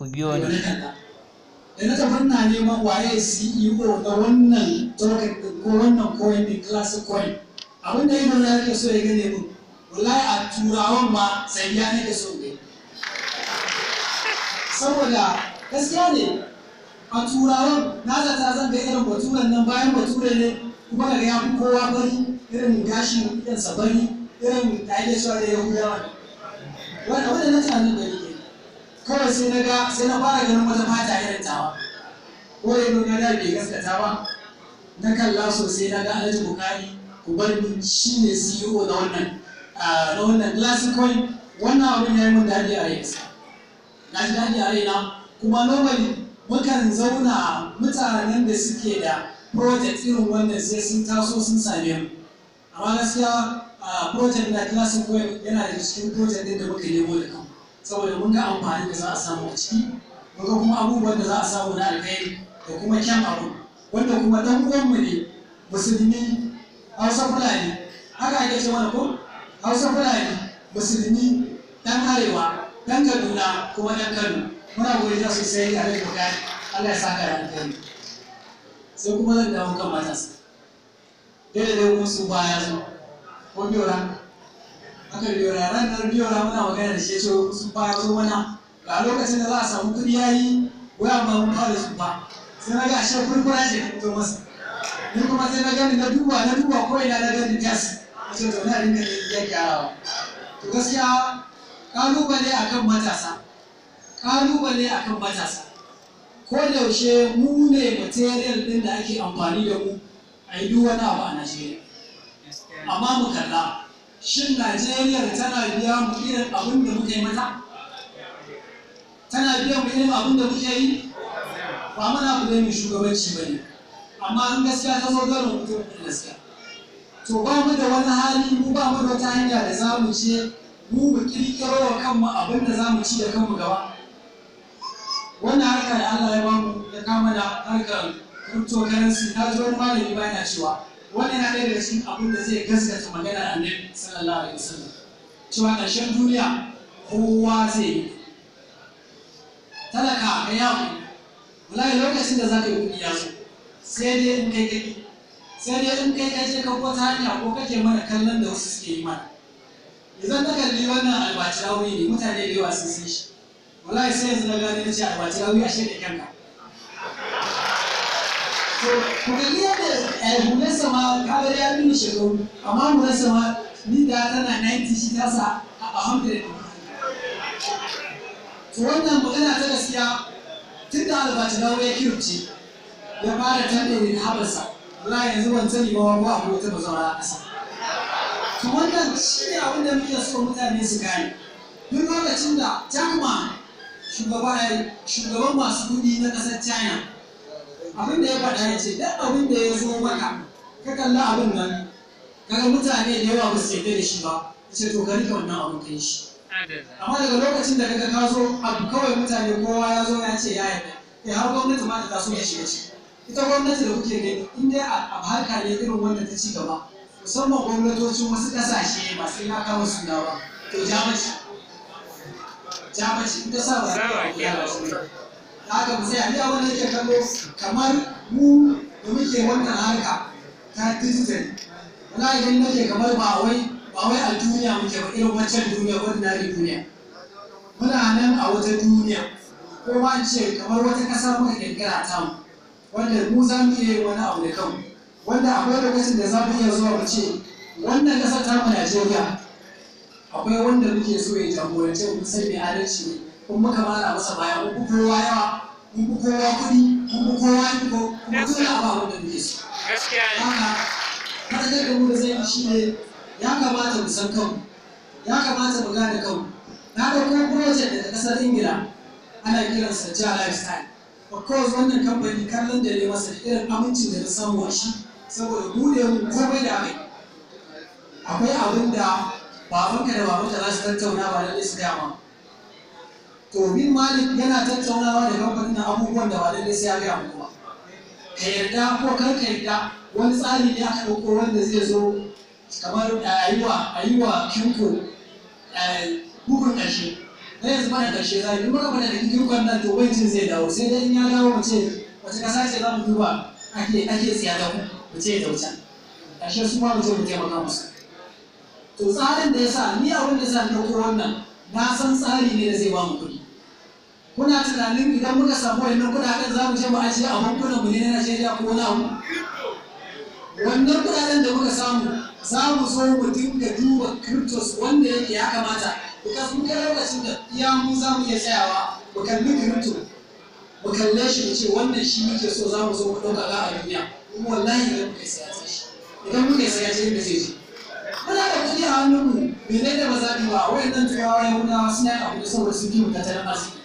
ku biyo ni da na hanna na neman waye CEO na wannan token ko wannan coin din class coin abin da yake na yake so ya gane mun wallahi a turawan ma sai ya nake so ne saboda gaskiya ne a turawan na zata zan ga irin baturen nan bayan bature ne kuma ga ya fi kowa bari irin gashin idan sabari irin da ake cewa da yahudawa wanda na tunanin gari kawai sai na ga sai na fara ganin wata fata irin tawa ko ya nuna da bai gaskata ba na kalla sosai na ga alhaji bukari ni shi ne ceo na wannan na wannan classic coin wannan abin ya yi mun daɗi a rai na ji daɗi a raina kuma normally mukan zauna mutanen da suke da project irin wannan sai sun taso sun same mu amma gaskiya project na classic coin yana da cikin project ɗin da muka nemo da kanmu saboda mun ga amfani da za a samu a ciki mun ga kuma abubuwan da za a samu na alkhairi da kuma kyan abu wanda kuma dan uwanmu ne musulmi hausa fulani haka ake ce mana ko hausa fulani musulmi dan arewa dan kaduna kuma dan kano muna godiya sosai ga alhaji bukari allah ya saka da alkhairi sai kuma zan dawo kan matasa dole dai musu baya zo ko biyo akan biyo na ranar biyo na muna magana da shi ya ce sun ba zo mana ga lokacin da za a samu kuɗi ya yi waya ma mun fara su ba sai na ga shi kurkura ce ta fito masa ni kuma sai na gani na duba na duba ko ina na gani gas a ce to na rinka ya gyarawa to gaskiya kalubale akan matasa kalubale akan matasa ko da yaushe mu ne material din da ake amfani da mu a yi duk wani abu a Najeriya amma mu kalla shin Najeriya tana biya mu irin abin da muka yi mata? Tana biya mu irin abin da muke yi? Ba muna ku mu shugabanci ba ne, amma in gaskiya ta zo garin mutum gaskiya. To ba mu da wani hali mu ba mu da wata hanya da za mu ce mu mu kirkiro wa kanmu abin da za mu ci da kanmu gaba. Wannan harkar da Allah ya mu ya kama da harkar cryptocurrency ta ji wani malami ba cewa wannan na ɗaya daga cikin abin da zai gaskata a nan sallallahu alaihi wasallam cewa ƙarshen duniya kowa zai yi talaka ka yawo wallahi lokacin da za ka yi kuɗi ya zo sai dai in kai kai sai dai in kai kai ka wata hanya ko kake mana kallon da wasu suke yi mana idan na kalli wannan albacirawi ne mutane da yawa sun san shi wallahi sai yanzu na gane na ce albacirawi a shekaru kanka ku ga yadda hulasa eh, sama kabar ya fi shekaru amma hulasa sama ni da tana 90 shi ta sa a 100 to wannan magana ta gaskiya tun da albajiran ya kirce ya fara tanɗe da habarsa za yanzu ban sani ba wani abu wata mazauna ƙasa to wannan shi ne abin da muke so mutane su gane duk lokacin da jama'a shugaba eh, shugaban masu kuɗi na ƙasar china abin da ya faɗa ya ce duk abin da ya zo maka ka kalla abin nan kaga mutane da yawa ba su yarda da shi ba ce to ka wannan abin kai shi amma daga lokacin da kaga ka zo abu kawai mutane kowa ya zo ya ce ya yarda ya har gwamnati ma ta so ya shiga ciki ita gwamnati da kuke gani in dai a harka ne irin wanda ta ci gaba musamman gwamnatocin wasu ƙasashe masu ina kama suna ba to jamaci jamaci in ta sa ba ya ba da haka mu sai a biya wanda yake kallo kamar mu da muke wannan harka ta digital wala idan nake kamar ba wai ba wai a duniya muke ba irin wancan duniya na duniya muna nan a wata duniya ko ma in ce kamar wata ƙasa muka kirkira ta mu wanda mu za mu iya wani abu da kanmu wanda akwai lokacin da za mu iya zuwa mu ce wannan ƙasar ta mu Najeriya akwai wanda muke so ya jagorance mu sai mai adalci kuma muka mara masa baya ko kowa yawa kun kowa kuɗi kun fi kowa iko kun fi kowa ababen da muke so. Gaskiya ne. Haka fadadar da zai shi ne ya kamata mu san kanmu ya kamata mu gane kanmu na da kuma project daga ƙasar Ingila ana kiransa Ja Lifestyle. Of course wannan kamfani kallon da ne masa irin amincin da na samu a shi saboda mu ne mu komai da mai. Akwai abin da babanka da babanka za su tattauna ba lallai su gaya ma. To bin Malik yana tattaunawa da kamfanin abubuwan da ba lallai sai ya gaya muku ba ka yarda ko kar ka yarda wani tsari ne aka ɗauko wanda zai zo kamar eh, a yi wa kinko eh, bugun ƙarshe na yanzu mana ƙarshe za mu maka mana da kinkon nan to bai zai dawo sai dai in ya dawo mu ce wata ƙasa ce za mu duba ake ake tsiya da mu ce da wuta ƙarshe su ma mu ce mu taimaka musu to tsarin da ya sa ni abin da ya sa ɗauko wannan na san tsari ne da zai ba mu kuɗi kuna tunanin idan muka samu wannan kudaden za mu je mu ajiye a hankunan mu ne na Najeriya ko na mu wannan kudaden da muka samu za mu so mu dinga duba cryptos wanda yake ya kamata kuka sun kai lokacin da iya mu za mu iya tsayawa mu kalli crypto mu kalle shi mu ce wannan shi muke so za mu zo mu ɗauka a duniya kuma wallahi idan muka saya shi idan muka saya shi da zai ji muna da kuɗi a hannunmu menene ba za mu ba wayannan turawa yahudawa suna yi abu da saboda su fi mu tattalin arziki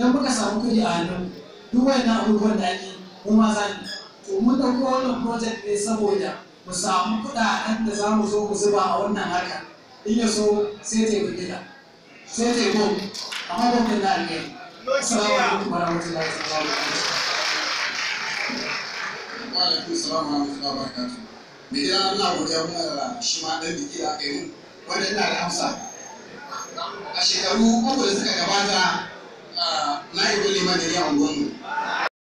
idan muka samu kuɗi a hannun duk na abubuwan da ake kuma ma za mu to mun ɗauko wannan project ne saboda mu samu kuɗaɗen da za mu zo mu zuba a wannan harka in ya so sai ta yi gida sai ta yi gom amma gom ɗin na alheri assalamu alaikum warahmatullahi wabarakatuh wa alaikum salam warahmatullahi wabarakatuh mai gida Allah godiya kuma da shi ma ɗan biki da aka yi wanda ina da amsa a shekaru uku da suka gabata na yi liman ne a unguwanmu